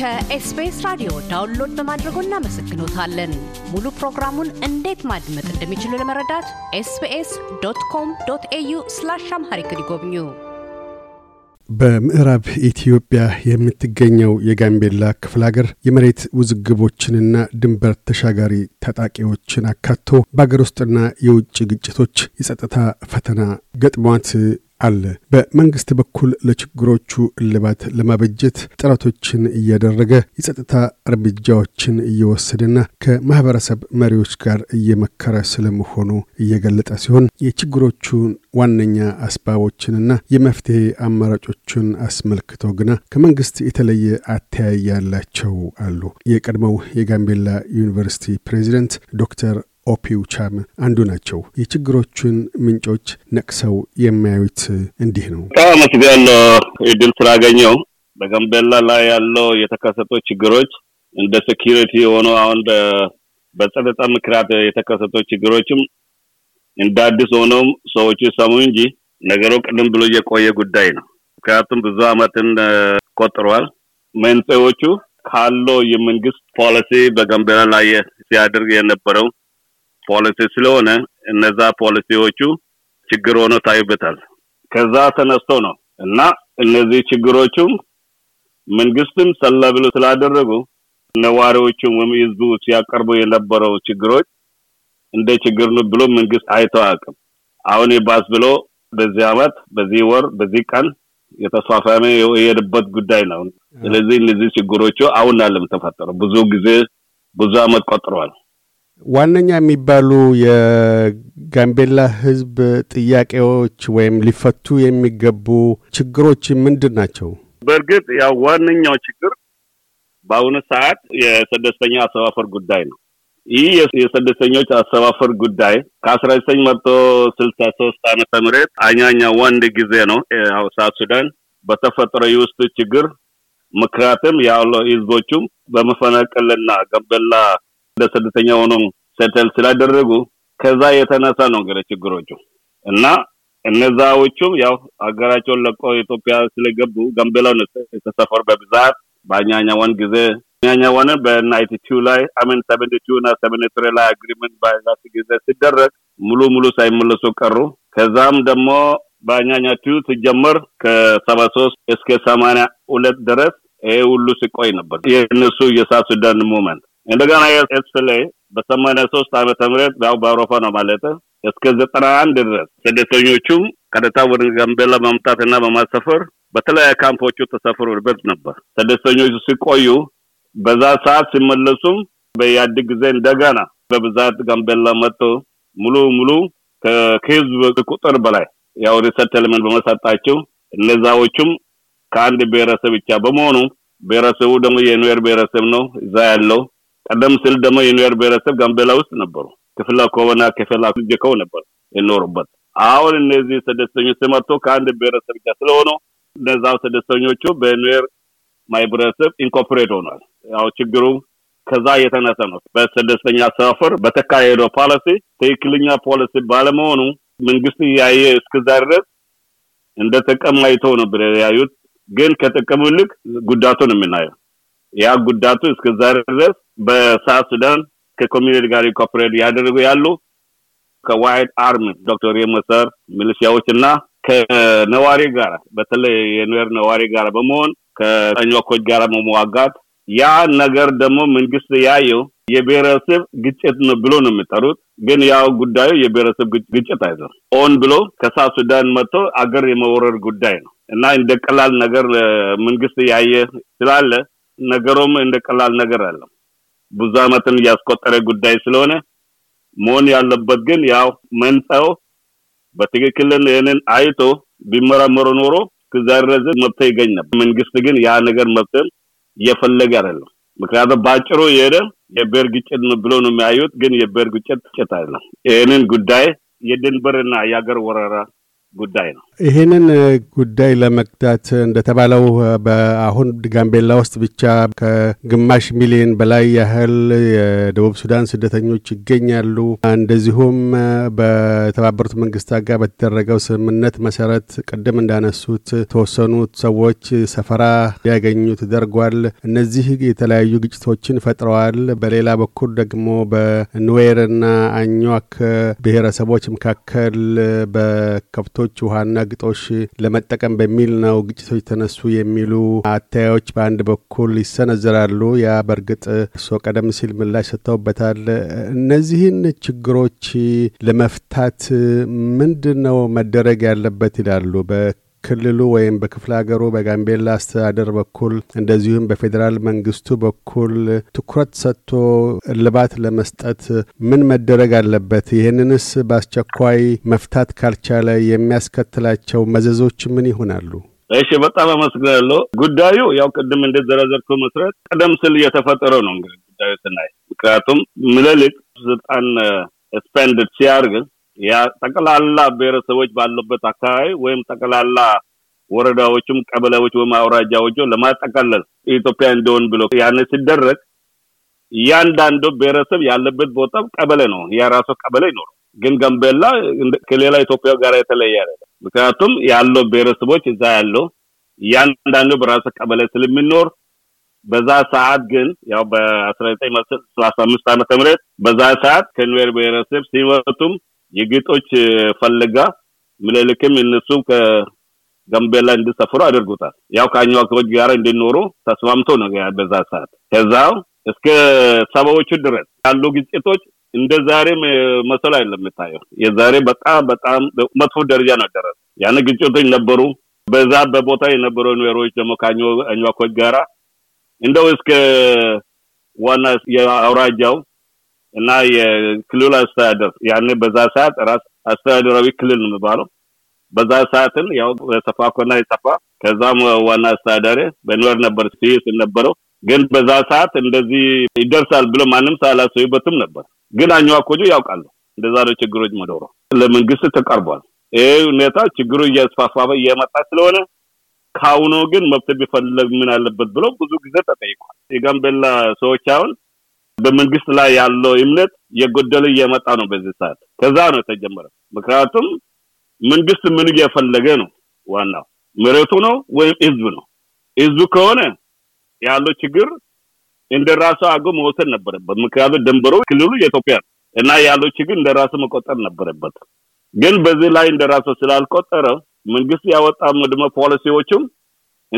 ከኤስቢኤስ ራዲዮ ዳውንሎድ በማድረጎ እናመሰግኖታለን። ሙሉ ፕሮግራሙን እንዴት ማድመጥ እንደሚችሉ ለመረዳት ኤስቢኤስ ዶት ኮም ዶት ኤዩ ስላሽ አምሃሪክ ይጎብኙ። በምዕራብ ኢትዮጵያ የምትገኘው የጋምቤላ ክፍለ ሀገር የመሬት ውዝግቦችንና ድንበር ተሻጋሪ ታጣቂዎችን አካቶ በአገር ውስጥና የውጭ ግጭቶች የጸጥታ ፈተና ገጥሟት አለ። በመንግስት በኩል ለችግሮቹ እልባት ለማበጀት ጥረቶችን እያደረገ የጸጥታ እርምጃዎችን እየወሰደና ከማህበረሰብ መሪዎች ጋር እየመከረ ስለመሆኑ እየገለጠ ሲሆን የችግሮቹን ዋነኛ አስባቦችንና የመፍትሄ አማራጮችን አስመልክቶ ግና ከመንግስት የተለየ አተያይ ያላቸው አሉ። የቀድሞው የጋምቤላ ዩኒቨርሲቲ ፕሬዚደንት ዶክተር ኦፒውቻም አንዱ ናቸው። የችግሮቹን ምንጮች ነቅሰው የሚያዩት እንዲህ ነው። በጣም አመሰግናለሁ እድል ስላገኘው። በጋምቤላ ላይ ያለው የተከሰቱ ችግሮች እንደ ሴኪሪቲ የሆኑ አሁን በጸጥታ ምክንያት የተከሰቱ ችግሮችም እንደ አዲስ ሆነውም ሰዎቹ ሰሙ እንጂ ነገሩ ቅድም ብሎ የቆየ ጉዳይ ነው። ምክንያቱም ብዙ አመትን ቆጥሯል። መንስኤዎቹ ካለው የመንግስት ፖሊሲ በጋምቤላ ላይ ሲያደርግ የነበረው ፖሊሲ ስለሆነ እነዛ ፖሊሲዎቹ ችግር ሆኖ ታይበታል። ከዛ ተነስቶ ነው እና እነዚህ ችግሮቹም መንግስትም ሰላ ብሎ ስላደረጉ ነዋሪዎቹም ወይም ህዝቡ ሲያቀርቡ የነበረው ችግሮች እንደ ችግር ነው ብሎ መንግስት አይቶ አያውቅም። አሁን ይባስ ብሎ በዚህ አመት፣ በዚህ ወር፣ በዚህ ቀን የተስፋፋመ የሄደበት ጉዳይ ነው። ስለዚህ እነዚህ ችግሮቹ አሁን አለም ተፈጠሩ። ብዙ ጊዜ ብዙ አመት ቆጥሯል ዋነኛ የሚባሉ የጋምቤላ ህዝብ ጥያቄዎች ወይም ሊፈቱ የሚገቡ ችግሮች ምንድን ናቸው? በእርግጥ ያው ዋነኛው ችግር በአሁኑ ሰዓት የስደተኛ አሰፋፈር ጉዳይ ነው። ይህ የስደተኞች አሰፋፈር ጉዳይ ከአስራ ዘጠኝ መቶ ስልሳ ሶስት አመተ ምህረት አኛኛ ወንድ ጊዜ ነው ሳውት ሱዳን በተፈጠረ ውስጥ ችግር ምክንያትም ያለ ህዝቦቹም በመፈናቀልና ጋምቤላ እንደ ስደተኛ ሆኖ ሰተል ስላደረጉ ከዛ የተነሳ ነው እንግዲህ ችግሮቹ እና እነዛዎቹም ያው ሀገራቸውን ለቆ ኢትዮጵያ ስለገቡ ጋምቤላ ነው የተሰፈሩ በብዛት በአኛኛ ዋን ጊዜ አኛኛ ዋን ቱ ላይ አሜን ሰቨንቲ ቱ እና ሰቨንቲ ትሪ ላይ አግሪመንት ባላት ጊዜ ሲደረግ ሙሉ ሙሉ ሳይመለሱ ቀሩ። ከዛም ደግሞ በአኛኛ ቱ ሲጀመር ከሰባ ሶስት እስከ ሰማንያ ሁለት ድረስ ይሄ ሁሉ ሲቆይ ነበር የእነሱ የሳት ሱዳን ሙመንት እንደገና ኤስፍላይ በሰማንያ ሶስት ዓመተ ምህረት ያው በአውሮፓ ነው ማለት እስከ ዘጠና አንድ ድረስ ስደተኞቹም ቀጥታ ወደ ጋምቤላ በመምጣትና በማሰፈር በተለያዩ ካምፖቹ ተሰፍሮበት ነበር። ስደተኞቹ ሲቆዩ በዛ ሰዓት ሲመለሱም በያድግ ጊዜ እንደገና በብዛት ጋምቤላ መጥቶ ሙሉ ሙሉ ከህዝብ ቁጥር በላይ ያው ሪሰትልመንት በመሰጣቸው እነዛዎቹም ከአንድ ብሔረሰብ ብቻ በመሆኑ ብሔረሰቡ ደግሞ የኑዌር ብሔረሰብ ነው እዛ ያለው ቀደም ሲል ደግሞ የኒውዮር ብሔረሰብ ጋምቤላ ውስጥ ነበሩ። ክፍላ ከሆነ ክፍላ ጀከው ነበር የኖሩበት። አሁን እነዚህ ስደተኞች ሲመጡ ከአንድ ብሔረሰብ ጋር ስለሆኑ እነዛው ስደተኞቹ በኒውዮር ማይብረሰብ ኢንኮርፖሬት ሆኗል። ያው ችግሩ ከዛ የተነሰ ነው። በስደተኛ ሰፈር በተካሄደው ፖሊሲ ትክክለኛ ፖሊሲ ባለመሆኑ መንግስት እያየ እስክዛ ድረስ እንደ ጥቅም አይተው ነበር ያዩት። ግን ከጥቅሙ ይልቅ ጉዳቱን የምናየው ያ ጉዳቱ እስከዛ ድረስ በሳት ሱዳን ከኮሚኒቲ ጋር ኮፕሬት ያደረጉ ያሉ ከዋይድ አርሚ ዶክተር የመሰር ሚሊሺያዎች እና ከነዋሪ ጋር በተለይ የኑዌር ነዋሪ ጋር በመሆን ከኞኮች ጋር መዋጋት ያ ነገር ደግሞ መንግስት ያየው የብሔረሰብ ግጭት ነው ብሎ ነው የሚጠሩት። ግን ያው ጉዳዩ የብሔረሰብ ግጭት አይደለም። ኦን ብሎ ከሳ ሱዳን መጥቶ አገር የመወረር ጉዳይ ነው እና እንደ ቀላል ነገር መንግስት ያየ ስላለ ነገሮም እንደ ቀላል ነገር አለም ብዙ ዓመትን ያስቆጠረ ጉዳይ ስለሆነ መሆን ያለበት ግን ያው መንጻው በትክክል ይህንን አይቶ ቢመራመሩ ኖሮ ከዛ ድረስ ይገኝ ነበር። መንግስት ግን ያ ነገር መብትም እየፈለገ አይደለም። ምክንያቱም በአጭሩ የሄደ የብሔር ግጭት ብሎ ነው የሚያዩት፣ ግን የብሔር ግጭት አይደለም። ይህንን ጉዳይ የድንበርና የአገር ወረራ ጉዳይ ነው። ይህንን ጉዳይ ለመግታት እንደተባለው በአሁን ጋምቤላ ውስጥ ብቻ ከግማሽ ሚሊዮን በላይ ያህል የደቡብ ሱዳን ስደተኞች ይገኛሉ። እንደዚሁም በተባበሩት መንግስታት ጋር በተደረገው ስምምነት መሰረት ቅድም እንዳነሱት ተወሰኑት ሰዎች ሰፈራ ያገኙ ተደርጓል። እነዚህ የተለያዩ ግጭቶችን ፈጥረዋል። በሌላ በኩል ደግሞ በኑዌርና አኟክ ብሔረሰቦች መካከል በከብቶች ውሃና አረጋግጦሽ ለመጠቀም በሚል ነው ግጭቶች ተነሱ የሚሉ አታዮች በአንድ በኩል ይሰነዘራሉ። ያ በእርግጥ እርስዎ ቀደም ሲል ምላሽ ሰጥተውበታል። እነዚህን ችግሮች ለመፍታት ምንድን ነው መደረግ ያለበት ይላሉ? በክልሉ ወይም በክፍለ ሀገሩ በጋምቤላ አስተዳደር በኩል እንደዚሁም በፌዴራል መንግስቱ በኩል ትኩረት ሰጥቶ እልባት ለመስጠት ምን መደረግ አለበት? ይህንንስ በአስቸኳይ መፍታት ካልቻለ የሚያስከትላቸው መዘዞች ምን ይሆናሉ? እሺ በጣም አመስግናለሁ። ጉዳዩ ያው ቅድም እንደዘረዘርኩ መሰረት ቀደም ስል እየተፈጠረው ነው እንግዲህ ጉዳዩ ስናይ ምክንያቱም ምልልቅ ስልጣን ስፔንድ ሲያርግ ጠቅላላ ብሔረሰቦች ባሉበት አካባቢ ወይም ጠቅላላ ወረዳዎችም ቀበሌዎች ወይም አውራጃዎች ለማጠቃለል ኢትዮጵያ እንደሆን ብሎ ያን ሲደረግ እያንዳንዱ ብሔረሰብ ያለበት ቦታ ቀበሌ ነው፣ የራሱ ቀበሌ ይኖሩ ግን ጋምቤላ ከሌላ ኢትዮጵያ ጋር የተለየ አይደለም። ምክንያቱም ያለው ብሔረሰቦች እዛ ያለው እያንዳንዱ በራሱ ቀበሌ ስለሚኖር በዛ ሰዓት ግን ያው በ1935 ዓመተ ምህረት በዛ ሰዓት ከኑዌር ብሔረሰብ ሲወጡም የጌጦች ፈለጋ ምልልክም እነሱም ከጋምቤላ እንዲሰፍሩ አድርጎታል። ያው ከአኝዋኪዎች ጋር እንዲኖሩ ተስማምቶ ነው በዛ ሰዓት። ከዛው እስከ ሰባዎቹ ድረስ ያሉ ግጭቶች እንደ ዛሬ መሰል አይደለም የምታየው። የዛሬ በጣም በጣም መጥፎ ደረጃ ነው ደረሰ። ያን ግጭቶች ነበሩ። በዛ በቦታ የነበሩ ኑሮች ደግሞ ከአኝዋኮች ጋራ እንደው እስከ ዋና የአውራጃው እና የክልሉ አስተዳደር ያኔ በዛ ሰዓት ራስ አስተዳደራዊ ክልል ነው የሚባለው በዛ ሰዓትን ያው ኮና የሰፋ ከዛም ዋና አስተዳዳሪ በኒወር ነበር ሲይስ ነበረው። ግን በዛ ሰዓት እንደዚህ ይደርሳል ብሎ ማንም ሳላሰበበትም ነበር። ግን ኮጆ ያውቃሉ እንደዛ ነው ችግሮች መደሮ ለመንግስት ተቀርቧል። ይህ ሁኔታ ችግሩ እያስፋፋ እየመጣ ስለሆነ ከአሁኑ ግን መብት ቢፈለግ ምን አለበት ብሎ ብዙ ጊዜ ተጠይቋል። የጋምቤላ ሰዎች አሁን በመንግስት ላይ ያለው እምነት የጎደለ እየመጣ ነው በዚህ ሰዓት። ከዛ ነው የተጀመረ። ምክንያቱም መንግስት ምን እየፈለገ ነው? ዋናው መሬቱ ነው ወይም ህዝብ ነው? ህዝቡ ከሆነ ያለው ችግር እንደራሱ አጎ መወሰድ ነበረበት። ምክንያቱም ድንበሩ ክልሉ የኢትዮጵያ እና ያለው ችግር እንደራሱ መቆጠር ነበረበት። ግን በዚህ ላይ እንደራሱ ስላልቆጠረ መንግስት ያወጣ ምድመ ፖሊሲዎችም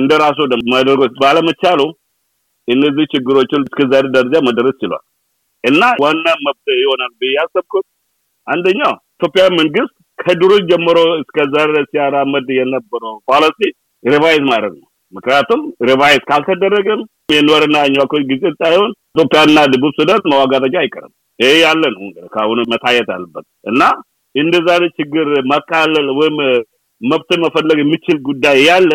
እንደራሱ ማድረግ ባለመቻሉ እነዚህ ችግሮችን እስከዛሬ ደረጃ መድረስ ችሏል እና ዋና መፍትሄ ይሆናል ብዬ አንደኛው ኢትዮጵያ መንግስት ከድሮ ጀምሮ እስከዛሬ ሲያራመድ የነበረው ፖሊሲ ሪቫይዝ ማድረግ ነው። ምክንያቱም ሪቫይዝ ካልተደረገም የኖርና አኝዋኮች ጊዜ ሳይሆን ኢትዮጵያና ድቡብ ሱዳን መዋጋታቸው አይቀርም። ይሄ ያለ ነው ከአሁኑ መታየት አለበት እና እንደዛ ችግር መካለል ወይም መብት መፈለግ የሚችል ጉዳይ ያለ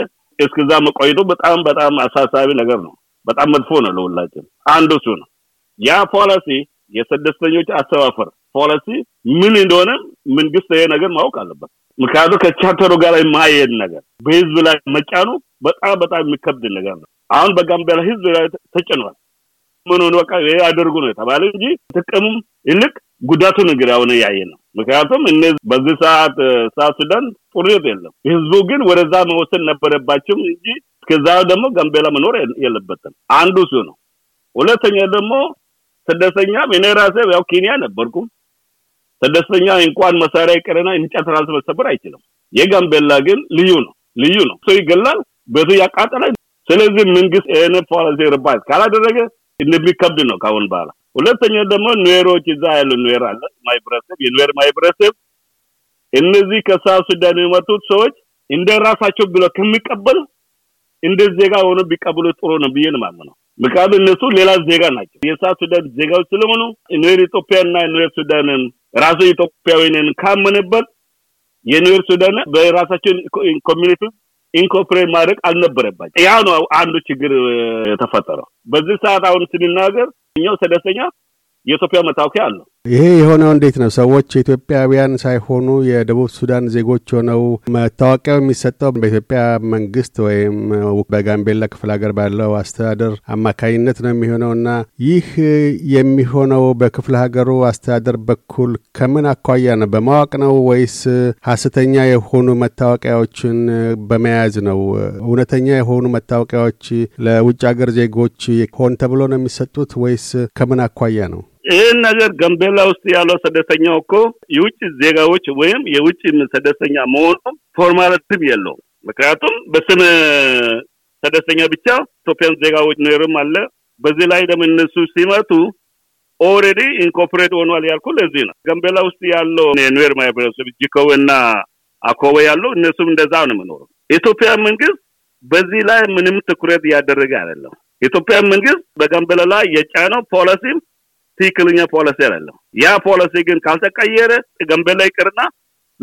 እስከዛ መቆይቶ በጣም በጣም አሳሳቢ ነገር ነው። በጣም መጥፎ ነው ለሁላችን። አንዱ እሱ ነው። ያ ፖሊሲ የስደተኞች አሰፋፈር ፖሊሲ ምን እንደሆነ መንግስት ይሄ ነገር ማወቅ አለበት። ምክንያቱ ከቻርተሩ ጋር የማይሄድ ነገር በህዝብ ላይ መጫኑ በጣም በጣም የሚከብድ ነገር ነው። አሁን በጋምቤላ ህዝብ ላይ ተጭኗል። ምኑን በቃ ይሄ ነው የተባለ እንጂ ጥቅሙም ይልቅ ጉዳቱ ነገር አሁን ያየ ነው። ምክንያቱም እነዚህ በዚህ ሰዓት ሳሱዳን ጦርነት የለም። ህዝቡ ግን ወደዛ መወሰን ነበረባቸው እንጂ እስከዛ ደግሞ ጋምቤላ መኖር የለበትም። አንዱ እሱ ነው። ሁለተኛ ደግሞ ስደተኛ እኔ ራሴ ያው ኬንያ ነበርኩ። ስደተኛ እንኳን መሳሪያ ይቀርና እንጨት ራሱ መሰበር አይችልም። የጋምቤላ ግን ልዩ ነው፣ ልዩ ነው። ሰው ይገላል፣ በዚህ ያቃጠለ ስለዚህ መንግስት እነ ፖሊሲ ርባይዝ ካላደረገ እንደሚከብድ ነው ካሁን በኋላ። ሁለተኛ ደግሞ ኑዌሮች እዛ ያሉ ኑዌር አለ ማህበረሰብ፣ የኑዌር ማህበረሰብ እነዚህ ከሳ ሱዳን የመጡት ሰዎች እንደ ራሳቸው ብሎ ከሚቀበሉ እንደ ዜጋ ሆኖ ቢቀብሉ ጥሩ ነው ብዬ ነው ነው ምክንያቱም እነሱ ሌላ ዜጋ ናቸው፣ የሳት ሱዳን ዜጋዎች ስለሆኑ ኑዌር ኢትዮጵያና ኑዌር ሱዳንን ራሱ ኢትዮጵያዊንን ካመነበት የኑዌር ሱዳን በራሳችን ኮሚኒቲ ኢንኮፕሬ ማድረግ አልነበረባቸው። ያ ነው አንዱ ችግር የተፈጠረው። በዚህ ሰዓት አሁን ስንናገር እኛው ሰደሰኛ የኢትዮጵያ መታወቂያ አለው ይሄ የሆነው እንዴት ነው? ሰዎች ኢትዮጵያውያን ሳይሆኑ የደቡብ ሱዳን ዜጎች ሆነው መታወቂያው የሚሰጠው በኢትዮጵያ መንግስት ወይም በጋምቤላ ክፍለ ሀገር ባለው አስተዳደር አማካኝነት ነው የሚሆነው እና ይህ የሚሆነው በክፍለ ሀገሩ አስተዳደር በኩል ከምን አኳያ ነው? በማወቅ ነው ወይስ ሀሰተኛ የሆኑ መታወቂያዎችን በመያዝ ነው? እውነተኛ የሆኑ መታወቂያዎች ለውጭ ሀገር ዜጎች ሆን ተብሎ ነው የሚሰጡት ወይስ ከምን አኳያ ነው? ይህን ነገር ገንቤላ ውስጥ ያለው ስደተኛው እኮ የውጭ ዜጋዎች ወይም የውጭ ስደተኛ መሆኑ ፎርማልትም የለው ምክንያቱም በስም ስደተኛ ብቻ ኢትዮጵያን ዜጋዎች ኖርም አለ። በዚህ ላይ ደግሞ እነሱ ሲመጡ ኦሬዲ ኢንኮፕሬት ሆኗል ያልኩ ለዚህ ነው። ገንቤላ ውስጥ ያለው ኑዌር ማህበረሰብ ጅከው እና አኮበ ያለው እነሱም እንደዛ ነው የምኖሩ። ኢትዮጵያ መንግስት በዚህ ላይ ምንም ትኩረት እያደረገ አይደለም። ኢትዮጵያ መንግስት በገንበለ ላይ የጫነው ፖሊሲም ትክክለኛ ፖሊሲ አይደለም። ያ ፖሊሲ ግን ካልተቀየረ ገንበል ላይ ቅርና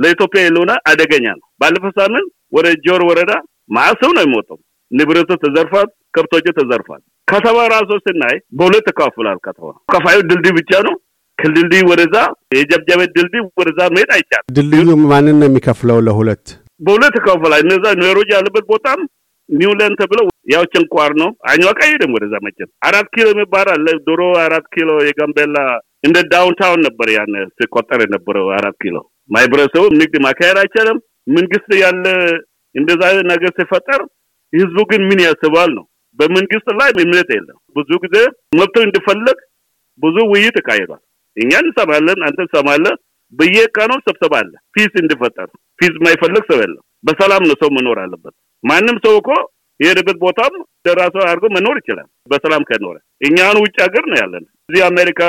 ለኢትዮጵያ ያለውና አደገኛ ነው። ባለፈው ሳምንት ወደ ጆር ወረዳ ማሰው ነው የሞተው። ንብረቱ ተዘርፏል፣ ከብቶቹ ተዘርፏል። ከተማ ራሱ ስናይ በሁለት ተከፍሏል። ከተማ ከፋዩ ድልድይ ብቻ ነው። ከድልድይ ወደዛ የጀብጀበ ድልድይ ወደዛ መሄድ አይቻልም። ድልድዩ ማንን ነው የሚከፍለው? ለሁለት በሁለት ተከፍሏል። እነዛ ኑሮች ያለበት ቦታም ኒውለን ተብለው ያው ጭንቋር ነው አኝዋክ አይሄድም ወደዛ መቼም። አራት ኪሎ የሚባል አለ አራት ኪሎ የጋምቤላ እንደ ዳውንታውን ነበር ያን ሲቆጠር የነበረው አራት ኪሎ። ማህበረሰቡ ንግድ ማካሄድ አይቻልም። መንግስት ያለ እንደዛ ነገር ሲፈጠር ህዝቡ ግን ምን ያስባል ነው። በመንግስት ላይ እምነት የለም። ብዙ ጊዜ መብቶ እንዲፈለግ ብዙ ውይይት ተካሂዷል። እኛ እንሰማለን፣ አንተ እንሰማለን። በየቀኑ ስብሰባ አለ ፊስ እንድፈጠር ፊስ የማይፈልግ ሰው የለም። በሰላም ነው ሰው መኖር አለበት። ማንም ሰው እኮ የሄደበት ቦታም ደራሶ አድርጎ መኖር ይችላል በሰላም ከኖረ። እኛን ውጭ ሀገር ነው ያለን። እዚህ አሜሪካ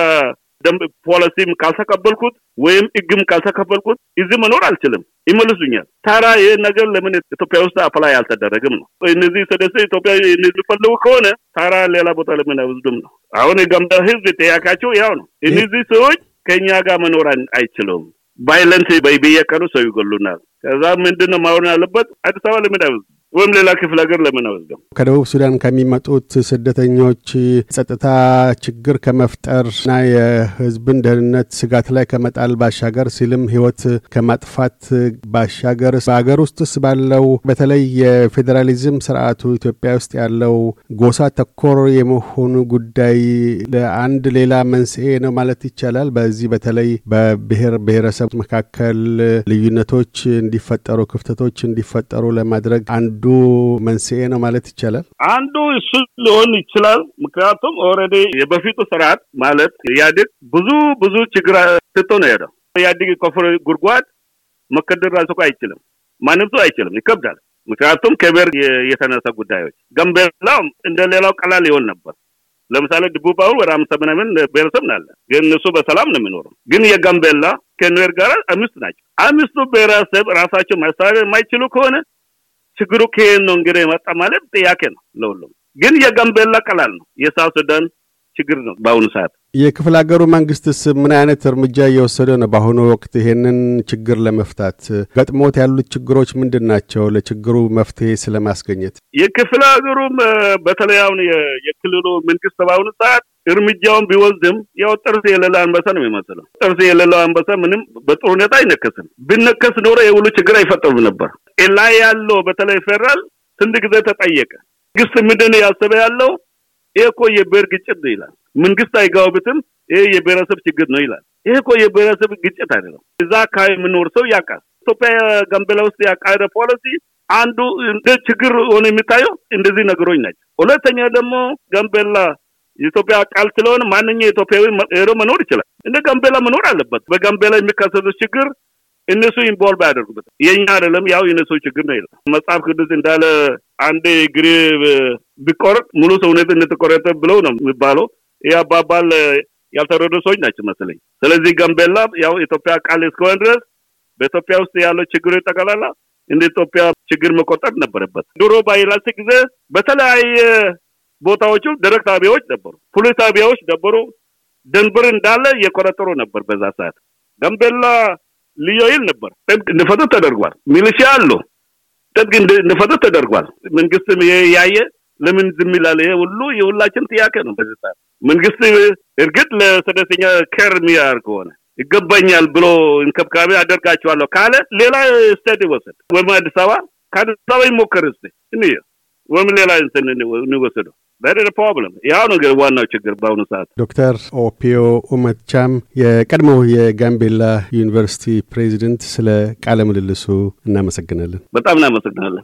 ደንብ ፖሊሲም ካልተቀበልኩት ወይም እግም ካልተቀበልኩት እዚህ መኖር አልችልም፣ ይመልሱኛል። ታራ ይህ ነገር ለምን ኢትዮጵያ ውስጥ አፕላይ አልተደረግም ነው? እነዚህ ስደስ ኢትዮጵያ የሚፈልጉ ከሆነ ታራ ሌላ ቦታ ለምን አይወስዱም ነው? አሁን የጋምቤላ ህዝብ የጠያቃቸው ያው ነው። እነዚህ ሰዎች ከእኛ ጋር መኖር አይችሉም። ቫይለንስ በየቀኑ ሰው ይገሉናል። ከዛ ምንድን ነው ማሆን ያለበት? አዲስ አበባ ለምን አይወስዱም? ወይም ሌላ ክፍለ ሀገር ለምን አወስደው? ከደቡብ ሱዳን ከሚመጡት ስደተኞች ጸጥታ ችግር ከመፍጠርና የህዝብን ደህንነት ስጋት ላይ ከመጣል ባሻገር ሲልም ህይወት ከማጥፋት ባሻገር በሀገር ውስጥስ ባለው በተለይ የፌዴራሊዝም ስርዓቱ ኢትዮጵያ ውስጥ ያለው ጎሳ ተኮር የመሆኑ ጉዳይ ለአንድ ሌላ መንስኤ ነው ማለት ይቻላል። በዚህ በተለይ በብሔር ብሔረሰብ መካከል ልዩነቶች እንዲፈጠሩ፣ ክፍተቶች እንዲፈጠሩ ለማድረግ አንድ አንዱ መንስኤ ነው ማለት ይቻላል። አንዱ እሱ ሊሆን ይችላል። ምክንያቱም ኦልሬዲ የበፊቱ ስርዓት ማለት ኢህአዴግ ብዙ ብዙ ችግር ትቶ ነው ሄደው። ኢህአዴግ የቆፈረ ጉድጓድ መከደር ራሱ እኮ አይችልም፣ ማንም ሰው አይችልም፣ ይከብዳል። ምክንያቱም ከብሔር የተነሰ ጉዳዮች ጋምቤላ እንደ ሌላው ቀላል ይሆን ነበር። ለምሳሌ ደቡብ አሁን ወደ አምሳ ምናምን ብሔረሰብ ናለ፣ ግን እሱ በሰላም ነው የሚኖረው። ግን የጋምቤላ ከኑዌር ጋር አምስት ናቸው። አምስቱ ብሔረሰብ ራሳቸው ማስተዳደር የማይችሉ ከሆነ ችግሩ ከየት ነው እንግዲህ የመጣ ማለት ጥያቄ ነው ለሁሉም። ግን የጋምቤላ ቀላል ነው የሳው ሱዳን ችግር ነው በአሁኑ ሰዓት። የክፍለ ሀገሩ መንግስትስ ምን አይነት እርምጃ እየወሰደ ነው በአሁኑ ወቅት ይሄንን ችግር ለመፍታት? ገጥሞት ያሉት ችግሮች ምንድን ናቸው? ለችግሩ መፍትሄ ስለማስገኘት የክፍለ ሀገሩም በተለይ አሁን የክልሉ መንግስት በአሁኑ ሰዓት እርምጃውን ቢወስድም ያው ጥርስ የሌለ አንበሳ ነው የሚመስለው። ጥርስ የሌለው አንበሳ ምንም በጥሩ ሁኔታ አይነከስም። ቢነከስ ኖሮ የውሉ ችግር አይፈጠሩም ነበር። ላይ ያለው በተለይ ፌደራል ስንት ጊዜ ተጠየቀ። መንግስት ምንድን ያሰበ ያለው ይሄ እኮ የብሔር ግጭት ነው ይላል። መንግስት አይጋውብትም፣ ይሄ የብሔረሰብ ችግር ነው ይላል። ይህ እኮ የብሔረሰብ ግጭት አይደለም። እዛ አካባቢ የሚኖር ሰው ያውቃል። ኢትዮጵያ ጋምቤላ ውስጥ ያካሄደ ፖሊሲ አንዱ እንደ ችግር ሆኖ የሚታየው እንደዚህ ነገሮች ናቸው። ሁለተኛ ደግሞ ጋምቤላ የኢትዮጵያ ቃል ስለሆነ ማንኛው ኢትዮጵያዊ ሄዶ መኖር ይችላል። እንደ ጋምቤላ መኖር አለበት። በጋምቤላ የሚከሰቱ ችግር እነሱ ኢንቮልቭ ያደርጉበት የኛ አይደለም፣ ያው የነሱ ችግር ነው ይላል መጽሐፍ ቅዱስ እንዳለ አንድ እግር ቢቆረጥ ሙሉ ሰውነት እንደተቆረጠ ብለው ነው የሚባለው። ይህ አባባል ያልተረዱ ሰዎች ናቸው መስለኝ ስለዚህ ገንቤላ ያው ኢትዮጵያ ቃል እስከሆን ድረስ በኢትዮጵያ ውስጥ ያለው ችግር ይጠቀላላ እንደ ኢትዮጵያ ችግር መቆጠር ነበረበት። ድሮ ባይላልት ጊዜ በተለያየ ቦታዎቹ ደረቅ ታቢያዎች ነበሩ፣ ፖሊስ ታቢያዎች ነበሩ። ደንብር እንዳለ የቆረጠሩ ነበር በዛ ሰዓት ገንቤላ ልዩ ይል ነበር። እንፈጥር ተደርጓል። ሚሊሺያ አለው። ጥጥቅ እንፈጥር ተደርጓል። መንግስትም ይሄ ያየ ለምን ዝም ይላል? ይሄ ሁሉ የሁላችን ጥያቄ ነው። በዚህ ሰዓት መንግስት እርግጥ ለስደተኛ ከር የሚያደርግ ከሆነ ይገባኛል ብሎ እንከብካቤ አደርጋቸዋለሁ ካለ ሌላ ስቴት ይወሰድ ወይም አዲስ አበባ ከአዲስ አበባ ይሞከር ስ ወይም ሌላ እንትን እንወሰደው ያው ነገር ዋናው ችግር በአሁኑ ሰዓት። ዶክተር ኦፒዮ ኡመቻም የቀድሞው የጋምቤላ ዩኒቨርሲቲ ፕሬዚደንት፣ ስለ ቃለ ምልልሱ እናመሰግናለን። በጣም እናመሰግናለን።